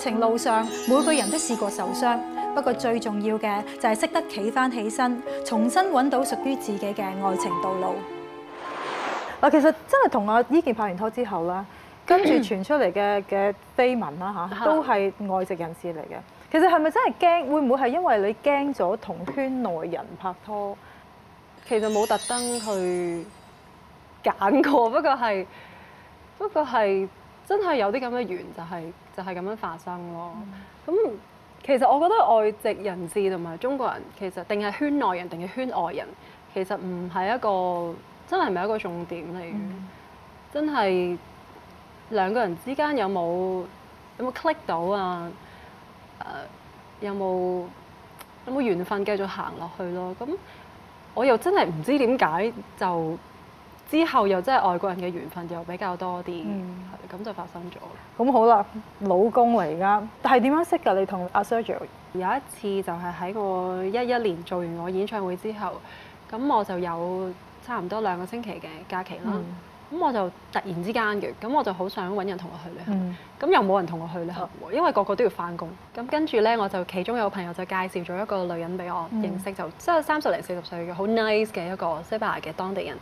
情路上每個人都試過受傷，不過最重要嘅就係識得企返起身，重新揾到屬於自己嘅愛情道路。嗱，其實真係同阿伊健拍完拖之後啦，跟住傳出嚟嘅嘅緋聞啦嚇，都係外籍人士嚟嘅。其實係咪真係驚？會唔會係因為你驚咗同圈內人拍拖？其實冇特登去揀過，不過係不過係真係有啲咁嘅緣，就係、是。就係咁樣發生咯。咁、嗯、其實我覺得外籍人士同埋中國人，其實定係圈內人定係圈外人，其實唔係一個真係唔係一個重點嚟嘅。嗯、真係兩個人之間有冇有冇 click 到啊？誒、uh，有冇有冇緣分繼續行落去咯？咁我又真係唔知點解就～之後又真係外國人嘅緣分又比較多啲，係咁、嗯、就發生咗。咁好啦，老公嚟㗎，但係點樣識㗎？你同阿 Sergio 有一次就係喺我一一年做完我演唱會之後，咁我就有差唔多兩個星期嘅假期啦。咁、嗯、我就突然之間嘅，咁我就好想揾人同我去旅行。咁、嗯、又冇人同我去旅行，嗯、因為個個都要翻工。咁跟住呢，我就其中有個朋友就介紹咗一個女人俾我、嗯、認識就，就即係三十零四十歲嘅好 nice 嘅一個西班牙嘅當地人。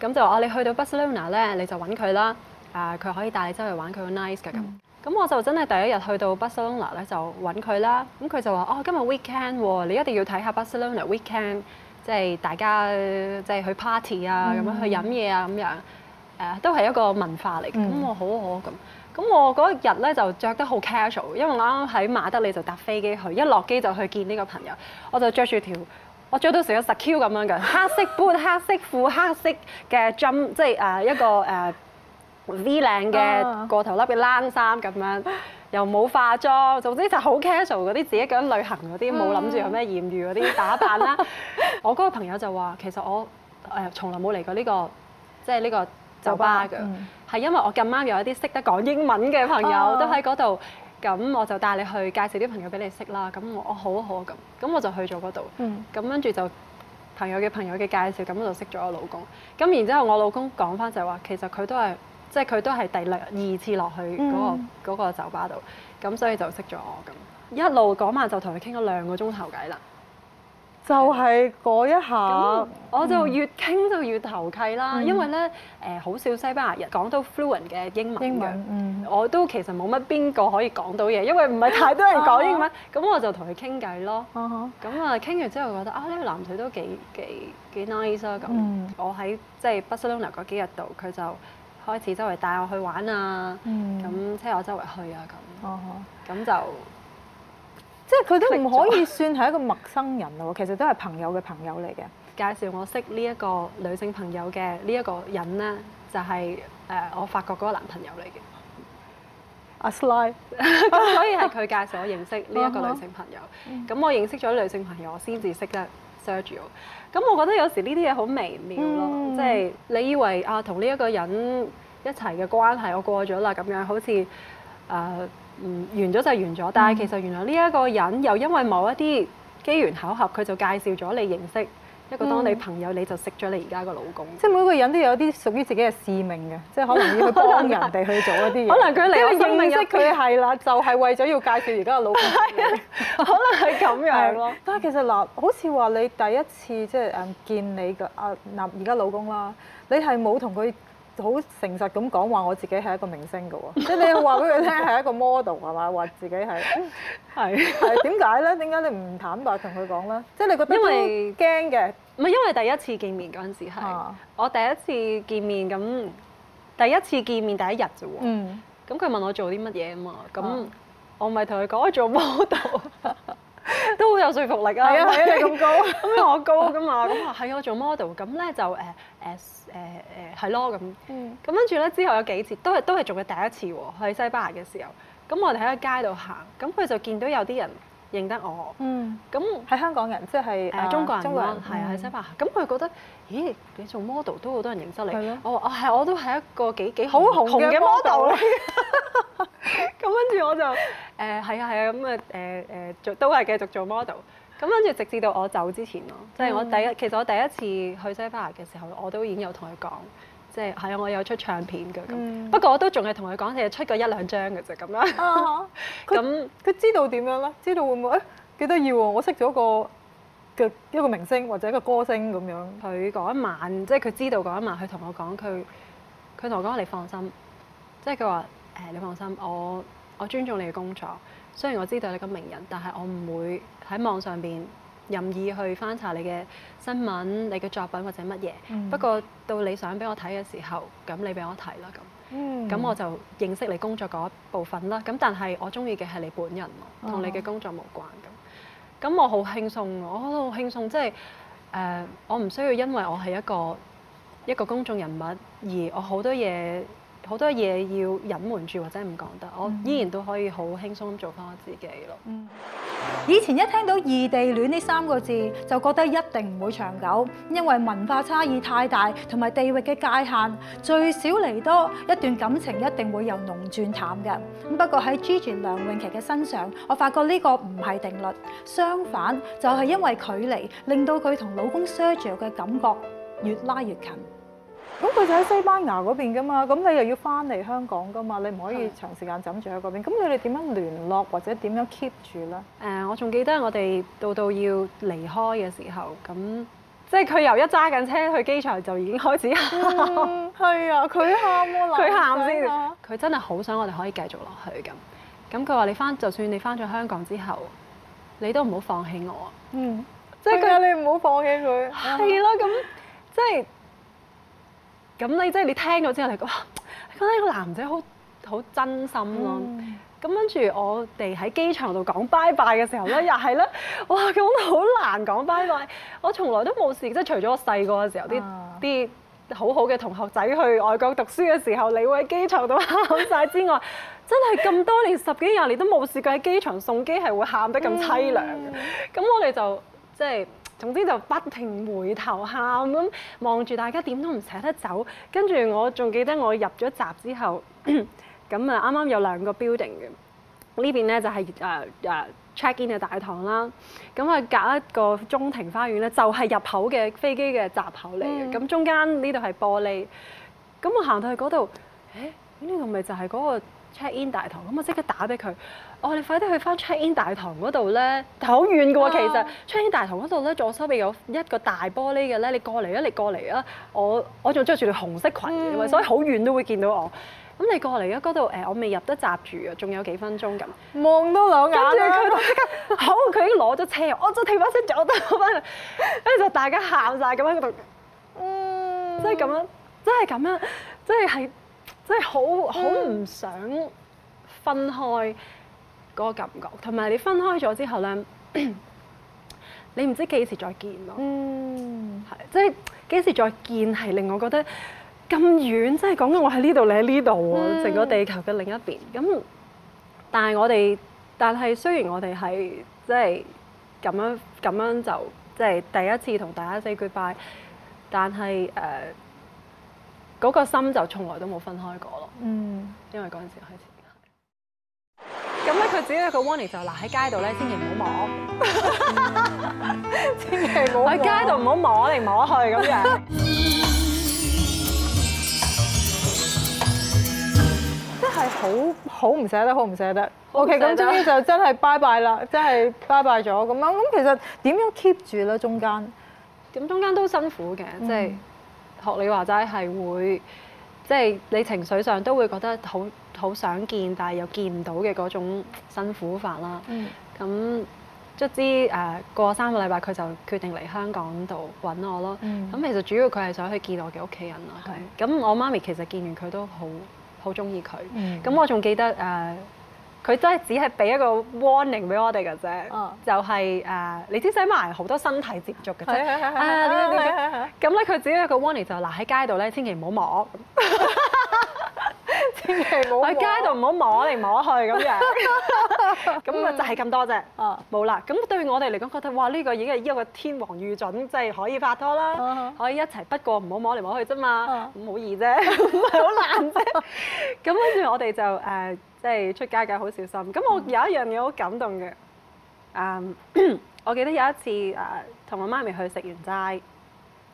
咁就哦、啊，你去到巴塞隆納咧，你就揾佢啦。誒、啊，佢可以帶你周圍玩，佢好 nice 嘅咁。咁、嗯、我就真係第一日去到巴塞隆納咧，就揾佢啦。咁、嗯、佢就話：哦、啊，今日 weekend 喎，你一定要睇下巴塞隆納 weekend，即係大家即係去 party 啊，咁樣去飲嘢啊，咁樣誒，都係一個文化嚟嘅。咁、嗯、我好好咁。咁我嗰一日咧就着得好 casual，因為我啱啱喺馬德里就搭飛機去，一落機就去見呢個朋友，我就着住條。我着到成個 secure 咁樣嘅，黑色褲、黑色褲、黑色嘅針，即係誒一個誒 V 領嘅、oh. 過頭笠嘅冷衫咁樣，又冇化妝，總之就好 casual 嗰啲自己咁樣旅行嗰啲，冇諗住有咩豔遇嗰啲打扮啦。Oh. 我嗰個朋友就話，其實我誒從來冇嚟過呢、呢個即係呢個酒吧嘅，係吧因為我咁啱有一啲識得講英文嘅朋友、oh. 都喺嗰度。咁我就帶你去介紹啲朋友俾你識啦。咁我好啊好啊，咁，咁我就去咗嗰度。嗯。咁跟住就朋友嘅朋友嘅介紹，咁我就識咗我老公。咁然之後我老公講翻就係話，其實佢都係即係佢都係第二次落去嗰個，嗯，嗰個酒吧度。咁所以就識咗我咁，一路講埋就同佢傾咗兩個鐘頭偈啦。就係嗰一下，我就越傾就越投契啦，嗯、因為咧誒好少西班牙人講到 fluent 嘅英，英文，嗯、我都其實冇乜邊個可以講到嘢，因為唔係太多人講英文，咁 我就同佢傾偈咯。咁啊傾哈完之後覺得啊呢、呢個男仔都幾幾幾 nice 啊咁，我喺即係巴塞隆納嗰幾日度，佢就開始周圍帶我去玩啊，咁車、啊哈就係、我周圍去啊咁，咁就。啊哈啊即係佢都唔可以算係一個陌生人咯，其實都係朋友嘅朋友嚟嘅。介紹我識呢一個女性朋友嘅呢一個人咧，就係、是、誒、呃、我法國嗰個男朋友嚟嘅。阿 Sly 咁所以係佢介紹我認識呢一個女性朋友。咁、uh huh. 我認識咗女性朋友我先至識得 Sergio。咁我覺得有時呢啲嘢好微妙咯，即係、mm hmm. 你以為啊同呢一個人一齊嘅關係我過咗啦，咁樣好似。誒、uh, 完咗就完咗，但係其實原來呢一個人又因為某一啲機緣巧合，佢就介紹咗你認識、嗯、一個當地朋友，你就識咗你而家個老公。嗯、即係每個人都有啲屬於自己嘅使命嘅，即係可能要去幫人哋去做一啲嘢。 可能佢你我認識佢係啦，就係為咗要介紹而家個老公。 可能係咁樣咯。但係其實嗱，好似話你第一次即係誒見你個嗱而家老公啦，你係冇同佢。好誠實咁講話我自己係一個明星㗎喎，即係 你話俾佢聽係一個 model 係嘛？話自己係係係點解咧？點解 你唔坦白同佢講咧？即、就、係、是、你覺得因為驚嘅，唔係因為第一次見面嗰陣時係、啊、我第一次見面咁，第一次見面第一日啫喎，咁佢、嗯、問我做啲乜嘢啊嘛，咁我咪同佢講我做 model。 都好有說服力啊！係啊，你咁高，咁 我高㗎、啊、嘛，咁話係我做 model，咁咧就誒誒誒誒係咯咁，呃呃呃、嗯，咁跟住咧之後有幾次都係都係做嘅第一次喎，去西班牙嘅時候，咁我哋喺個街度行，咁佢就見到有啲人認得我，嗯，咁喺香港人，即、就、係、係啊呃、中國人，中國人係喺西班牙，咁佢、嗯、覺得，咦，你做 model 都好多人認識你，係咯。我我係我都係一個幾幾好紅嘅 model，咁跟住我就，誒係啊係啊，咁啊誒誒做都係繼續做 model，咁跟住直至到我走之前咯，即係、嗯、我第一，其實我第一次去西班牙嘅時候，我都已經有同佢講。即係係啊！我有出唱片㗎咁，嗯、不過我都仲係同佢講，淨係出過一兩張嘅就咁啦。咁佢知道點樣咧？知道會唔會？幾得意喎？我識咗個嘅一,一個明星或者一個歌星咁樣，佢講一晚，即係佢知道講一晚，佢同我講佢，佢同我講你放心，即係佢話誒你放心，我我尊重你嘅工作，雖然我知道你個名人，但係我唔會喺網上邊。任意去翻查你嘅新聞、你嘅作品或者乜嘢。嗯、不過到你想俾我睇嘅時候，咁你俾我睇啦咁。咁、嗯、我就認識你工作嗰一部分啦。咁但係我中意嘅係你本人，同、哦、你嘅工作無關咁。我好輕鬆，我覺得好輕鬆，即係誒，我唔需要因為我係一個一個公眾人物，而我好多嘢好多嘢要隱瞞住或者唔講得，嗯、我依然都可以好輕鬆做翻我自己咯。嗯、以前一聽到異地戀呢三個字，就覺得一定唔會長久，因為文化差異太大同埋地域嘅界限，最少嚟多一段感情一定會由濃轉淡嘅。不過喺 Gigi 梁詠琪嘅身上，我發覺呢個唔係定律，相反就係因為距離令到佢同老公 Sergio 嘅感覺越拉越近。咁佢 就喺西班牙嗰邊噶嘛，咁你又要翻嚟香港噶嘛，你唔可以長時間枕住喺嗰邊。咁你哋點樣聯絡或者點樣 keep 住咧？誒，uh, 我仲記得我哋到到要離開嘅時候，咁即係佢由一揸緊車去機場就已經開始喊，係、mm, 啊！佢喊啊！佢喊先啊！佢真係好想我哋可以繼續落去咁。咁佢話：你翻就算你翻咗香港之後，你都唔好放棄我。嗯，即係佢話你唔好放棄佢。係啦， 咁即係。 咁你即係你聽咗之後，你講哇，覺得個男仔好好真心咯。咁跟住我哋喺機場度講拜拜嘅時候咧，又係咧，哇！咁好難講拜拜，嗯、我從來都冇試，即係除咗我細個嘅時候啲啲、啊、好好嘅同學仔去外國讀書嘅時候，你會喺機場度喊晒之外，真係咁多年十幾廿年，年都冇試過喺機場送機係會喊得咁淒涼。咁、嗯、我哋就即係。總之就不停回頭喊咁，望住大家點都唔捨得走，跟住我仲記得我入咗閘之後，咁啊啱啱有兩個 building 嘅呢邊咧就係誒誒 check in 嘅大堂啦，咁啊隔一個中庭花園咧就係、是、入口嘅飛機嘅閘口嚟嘅，咁、嗯、中間呢度係玻璃，咁我行到去嗰度，誒呢度咪就係嗰、那個。check in 大堂，咁我即刻打俾佢。我、哦、話你快啲去翻 check in 大堂嗰度咧，但好遠嘅喎、啊、其實。check in 大堂嗰度咧，左手邊有一個大玻璃嘅咧，你過嚟啊！你過嚟啊！我我仲着住條紅色裙嘅，嗯、所以好遠都會見到我。咁你過嚟啊！嗰度誒，我未入得閘住啊，仲有幾分鐘咁。望多兩眼即刻，好，佢已經攞咗車，我再停翻先，再我再攞翻。跟住就大家喊晒，咁喺度，嗯，即係咁樣，即係咁樣，即係係。即係好好唔想分開嗰個感覺，同埋你分開咗之後咧，你唔知幾時再見咯。嗯，係即係幾時再見係令我覺得咁遠，即係講緊我喺呢度，你喺呢度，成個、嗯、地球嘅另一邊。咁但係我哋，但係雖然我哋係即係咁樣咁樣就即係第一次同大家 say goodbye，但係誒。呃嗰個心就從來都冇分開過咯，嗯，因為嗰陣時開始。咁咧，佢自己一個 warning 就嗱喺街度咧，千祈唔好摸， 千祈唔好摸，喺街度唔好摸嚟摸去咁樣。即係好好唔捨得，好唔捨得。捨得 OK，咁終於就真係拜拜 e 啦，真係拜拜咗。咁樣咁其實點樣 keep 住咧？中間咁中間都辛苦嘅，即係、嗯。學你話齋係會，即、就、係、是，你情緒上都會覺得好好想見，但係又見唔到嘅嗰種辛苦法啦、mm。咁卒之誒過三個禮拜，佢就決定嚟香港度揾我咯。咁其實主要佢係想去見我嘅屋企人咯。咁 Okay. 我媽咪其實見完佢都好好中意佢。咁、mm hmm. 我仲記得誒，佢真係只係俾一個 warning 俾我哋嘅啫，就係、是、誒，你知使埋好多身體接觸嘅啫。咁咧，佢自己有個 warning 就嗱、是、喺街度咧，千祈唔好摸， 千祈唔好喺街度唔好摸嚟摸去咁樣。咁啊， 就係咁多啫。冇啦。咁對於我哋嚟講，覺得哇，呢個已經係一個天王御准，即係可以拍拖啦，可以一齊。不過唔好摸嚟摸去啫嘛，唔好 易啫，唔係好難啫而。咁跟住我哋就誒，即係出街嘅好小心。咁 我有一樣嘢好感動嘅。啊，我記得有一次啊，同我媽咪去食完齋。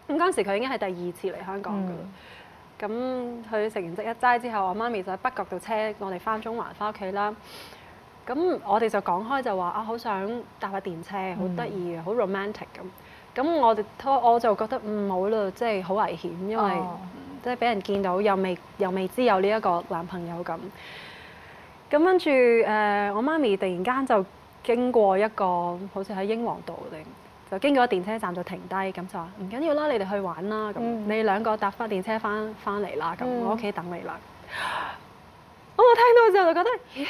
咁嗰陣時佢已經係第二次嚟香港噶啦，咁佢食完即一齋之後，我媽咪就喺北角度車我哋翻中環翻屋企啦。咁我哋就講開就話啊，好想搭架電車，好得意，好 romantic 咁。咁、嗯、我哋我我就覺得唔好啦，即係好危險，因為、哦、即係俾人見到又未又未知有呢一個男朋友咁。咁跟住誒，我媽咪突然間就經過一個好似喺英皇道定。就經過電車站就停低，咁就話唔緊要啦，你哋去玩啦，咁、嗯、你兩個搭翻電車翻翻嚟啦，咁、嗯、我屋企等你啦。 我聽到之後就覺得，咦，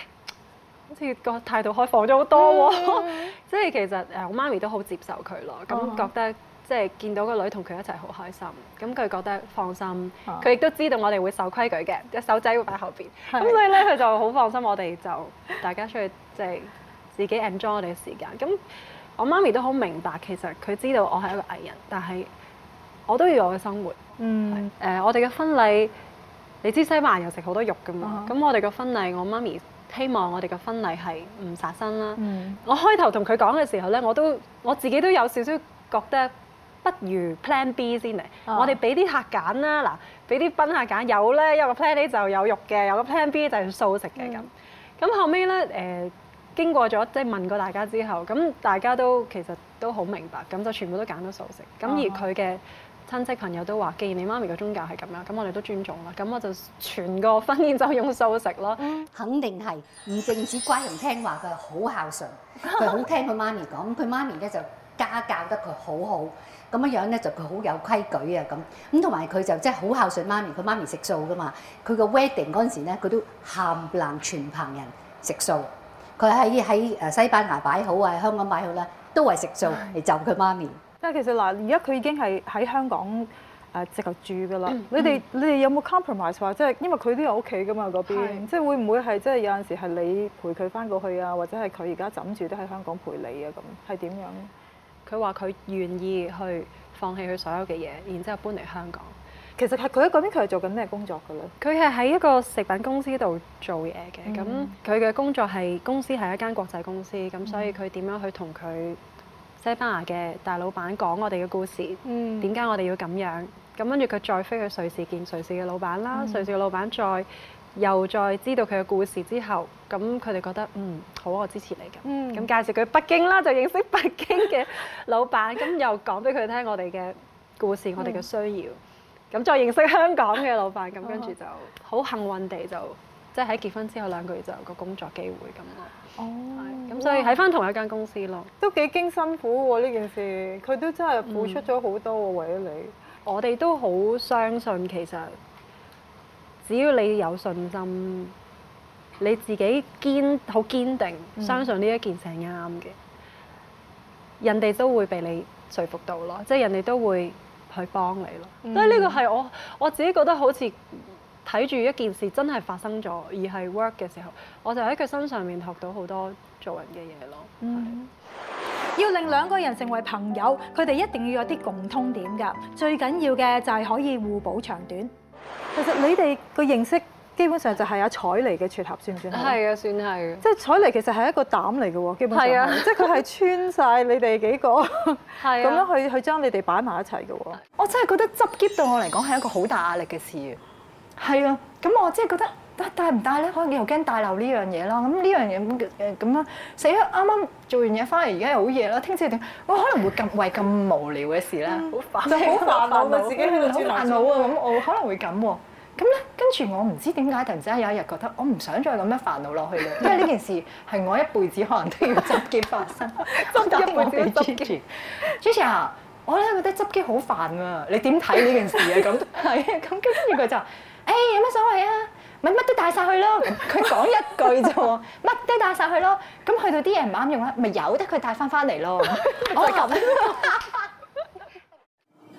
好似個態度開放咗好多喎。即係、嗯、 其實誒，我媽咪都好接受佢咯，咁覺得哦哦即係見到個女同佢一齊好開心，咁佢覺得放心。佢亦都知道我哋會守規矩嘅，隻手仔會擺後邊，咁是的 所以咧佢就好放心我。我哋就大家出去即係自己 enjoy 我哋嘅時間咁。我媽咪都好明白，其實佢知道我係一個藝人，但係我都要有我嘅生活。嗯。誒、呃，我哋嘅婚禮，你知西飯又食好多肉㗎嘛？咁、嗯、我哋嘅婚禮，我媽咪希望我哋嘅婚禮係唔殺生啦。嗯、我開頭同佢講嘅時候呢，我都我自己都有少少覺得不如 plan B 先嚟。嗯、我哋俾啲客揀啦，嗱俾啲賓客揀，有呢有個 plan A 就有肉嘅，有個 plan B 就係素食嘅咁。咁、嗯、後尾呢。誒、呃。經過咗即係問過大家之後，咁大家都其實都好明白，咁就全部都揀到素食。咁而佢嘅親戚朋友都話，既然你媽咪嘅宗教係咁樣，咁我哋都尊重啦。咁我就全個婚宴就用素食咯。肯定係唔淨止乖，人聽話佢係好孝順，佢好聽佢媽咪講。佢媽咪咧就家教得佢好好，咁樣樣咧就佢好有規矩啊。咁咁同埋佢就即係好孝順媽咪。佢媽咪食素㗎嘛，佢個 wedding 嗰陣時咧，佢都喊爛全棚人食素。佢喺喺誒西班牙擺好啊，或者香港擺好啦，都係食素嚟的就佢媽咪。即係其實嗱，而家佢已經係喺香港誒直頭住噶啦。你哋你哋有冇 compromise 話，即係因為佢都有屋企噶嘛嗰邊，即係的會唔會係即係有陣時係你陪佢翻過去啊，或者係佢而家枕住都喺香港陪你啊咁，係點樣咧？佢話佢願意去放棄佢所有嘅嘢，然之後搬嚟香港。其實係佢喺嗰邊，佢係做緊咩工作㗎咧？佢係喺一個食品公司度做嘢嘅。咁佢嘅工作係、嗯、公司係一間國際公司，咁、嗯、所以佢點樣去同佢西班牙嘅大老闆講我哋嘅故事？點解、嗯、我哋要咁樣？咁跟住佢再飛去瑞士見瑞士嘅老闆啦。嗯、瑞士嘅老闆再又再知道佢嘅故事之後，咁佢哋覺得嗯好，我支持你㗎。咁、嗯、介紹佢北京啦，就認識北京嘅老闆，咁 又講俾佢聽我哋嘅故事，嗯、我哋嘅需要。咁再認識香港嘅老闆，咁跟住就好幸運地就即係喺結婚之後兩個月就有個工作機會咁咯。哦，咁所以喺返同一間公司咯，都幾經辛苦喎呢件事，佢都真係付出咗好多喎、嗯、為咗你。我哋都好相信，其實只要你有信心，你自己堅好堅定，嗯、相信呢一件事係啱嘅，人哋都會被你說服到咯，即係、嗯、人哋都會。去幫你咯，所以呢個係我我自己覺得好似睇住一件事真係發生咗而係 work 嘅時候，我就喺佢身上面學到好多做人嘅嘢咯。嗯，要令兩個人成為朋友，佢哋一定要有啲共通點㗎，最緊要嘅就係可以互補長短。其實你哋個認識。基本上就係阿彩妮嘅撮合算唔算？係啊，算係。即係彩妮其實係一個膽嚟嘅喎，基本上、就係。係、就、啊、係，即係佢係穿晒你哋幾個，咁樣去去將你哋擺埋一齊嘅喎。我真係覺得執喼對我嚟講係一個好大壓力嘅事。係啊，咁我真係覺得帶唔帶咧？可能又驚帶漏呢樣嘢啦。咁呢樣嘢咁誒樣，死啦！啱啱做完嘢翻嚟，而家又好夜啦。聽朝點？我可能會咁為咁無聊嘅事咧，好煩，就好煩惱，自己喺度好煩惱啊！咁我可能會咁喎。咁咧，跟住我唔知點解突然之間有一日覺得我唔想再咁樣煩惱落去啦， 因為呢件事係我一輩子可能都要執機發生， 一輩子都要執機 Gigi，我咧覺得執機好煩啊！你點睇呢件事啊？咁係 啊，咁跟住佢就話，誒有乜所謂啊？咪乜都帶晒去咯！佢講一句啫喎，乜 都帶晒去咯。咁去到啲嘢唔啱用啊，咪由得佢帶翻翻嚟咯。我咁。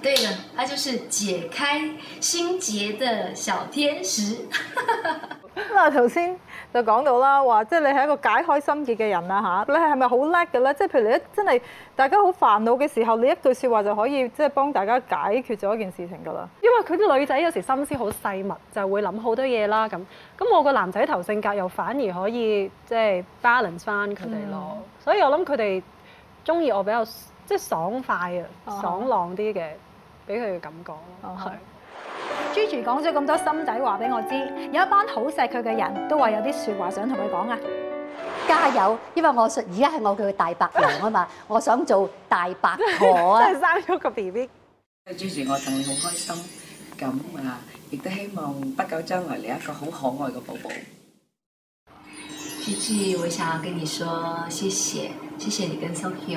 對啦，佢就是解開心結的小天使。咁頭先就講到啦，話即係你係一個解開心結嘅人啦吓、啊，你係咪好叻嘅咧？即係譬如你真係大家好煩惱嘅時候，你一句說話就可以即係幫大家解決咗一件事情噶啦。因為佢啲女仔有時心思好細密，就會諗好多嘢啦。咁咁我個男仔頭性格又反而可以即係 balance 翻佢哋咯。嗯、所以我諗佢哋中意我比較即係爽快啊，哦、爽朗啲嘅。俾佢嘅感覺咯，係。Gigi 講咗咁多心仔話俾我知，有一班好錫佢嘅人都話有啲説話想同佢講啊！加油，因為我而家係我佢嘅大伯婆啊嘛， 我想做大伯婆啊！ 真係生咗個 B B。Gigi，我同你好開心，咁啊，亦都希望不久將來嚟一個好可愛嘅寶寶。Gigi，我想要跟你說，謝謝，謝謝你跟 Sophie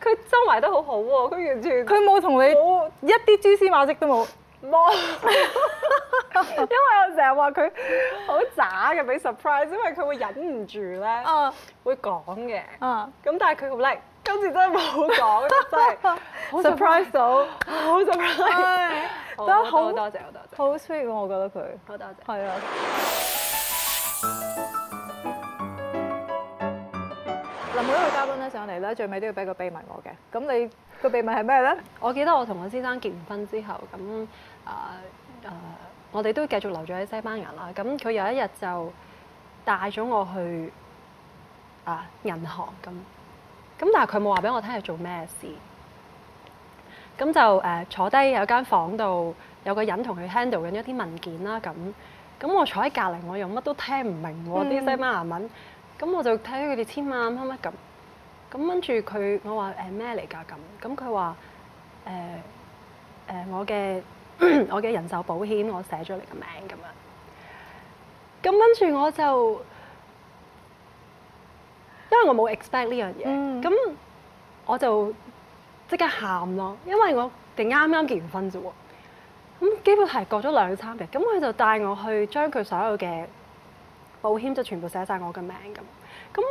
佢收埋得好好喎，佢完全佢冇同你冇一啲蛛絲馬跡都冇，冇。因為我成日話佢好渣嘅俾 surprise，因為佢會忍唔住咧，會講嘅。咁但係佢好叻，今次真係冇講，真係好 surprise 到，好 surprise。真係好，好多謝我，多謝。好 sweet 我覺得佢，係啊。上嚟咧，最尾都要俾個秘密我嘅。咁你個秘密係咩咧？我記得我同我先生結完婚之後，咁啊啊，我哋都繼續留咗喺西班牙啦。咁佢有一日就帶咗我去啊銀行咁，咁但係佢冇話俾我聽係做咩事。咁就誒坐低有間房度，有個人同佢 handle 緊一啲文件啦。咁咁我坐喺隔離，我又乜都聽唔明嗰啲西班牙文。咁我就睇佢哋簽啊乜乜咁。咁跟住佢，呃呃，我話誒咩嚟㗎？咁咁佢話誒誒我嘅我嘅人壽保險，我寫咗你嘅名咁樣。咁跟住我就因為我冇 expect 呢樣嘢，咁我就即刻喊咯，因為我哋啱啱結完婚啫喎。咁基本係過咗兩三日，咁佢就帶我去將佢所有嘅保險就全部寫晒我嘅名咁。咁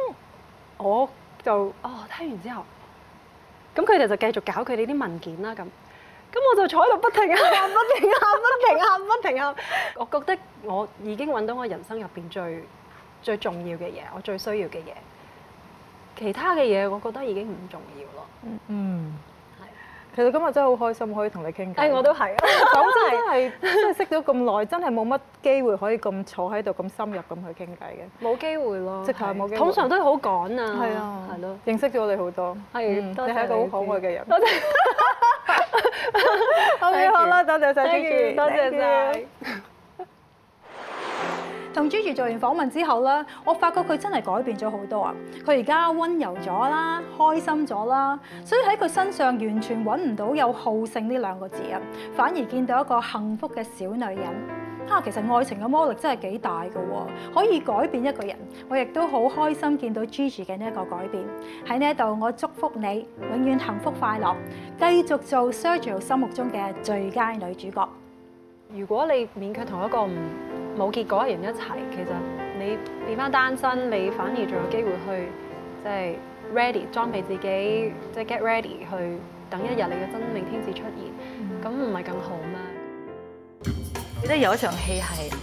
我。就哦，聽完之後，咁佢哋就繼續搞佢哋啲文件啦。咁，咁我就坐喺度不停喊，不停喊，不停喊，不停喊。停 我覺得我已經揾到我人生入邊最最重要嘅嘢，我最需要嘅嘢。其他嘅嘢，我覺得已經唔重要咯。嗯。嗯。其實今日真係好開心，可以同你傾偈。誒，我都係啊。講真係，真係識咗咁耐，真係冇乜機會可以咁坐喺度咁深入咁去傾偈嘅。冇機會咯。即係冇機會。通常都係好趕啊。係啊。係咯。認識咗我哋好多。係。你係一個好可愛嘅人。多謝。OK，好啦，多謝曬，多謝曬。同 Gigi 做完訪問之後咧，我發覺佢真係改變咗好多啊！佢而家温柔咗啦，開心咗啦，所以喺佢身上完全揾唔到有好勝呢兩個字啊，反而見到一個幸福嘅小女人。啊，其實愛情嘅魔力真係幾大嘅喎，可以改變一個人。我亦都好開心見到 Gigi 嘅呢一個改變。喺呢一度，我祝福你永遠幸福快樂，繼續做 Sergio 心目中嘅最佳女主角。如果你勉強同一個唔～冇結果嘅人一齊，其實你變翻單身，你反而仲有機會去，即係 ready 裝備自己，即係 get ready 去等一日你嘅真命天使出現，咁唔係更好咩？記得有一場戲係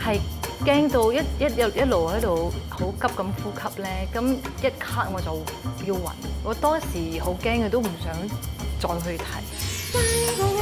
係驚到一一一一路喺度好急咁呼吸咧，咁一刻我就要暈，我當時好驚嘅，都唔想再去睇。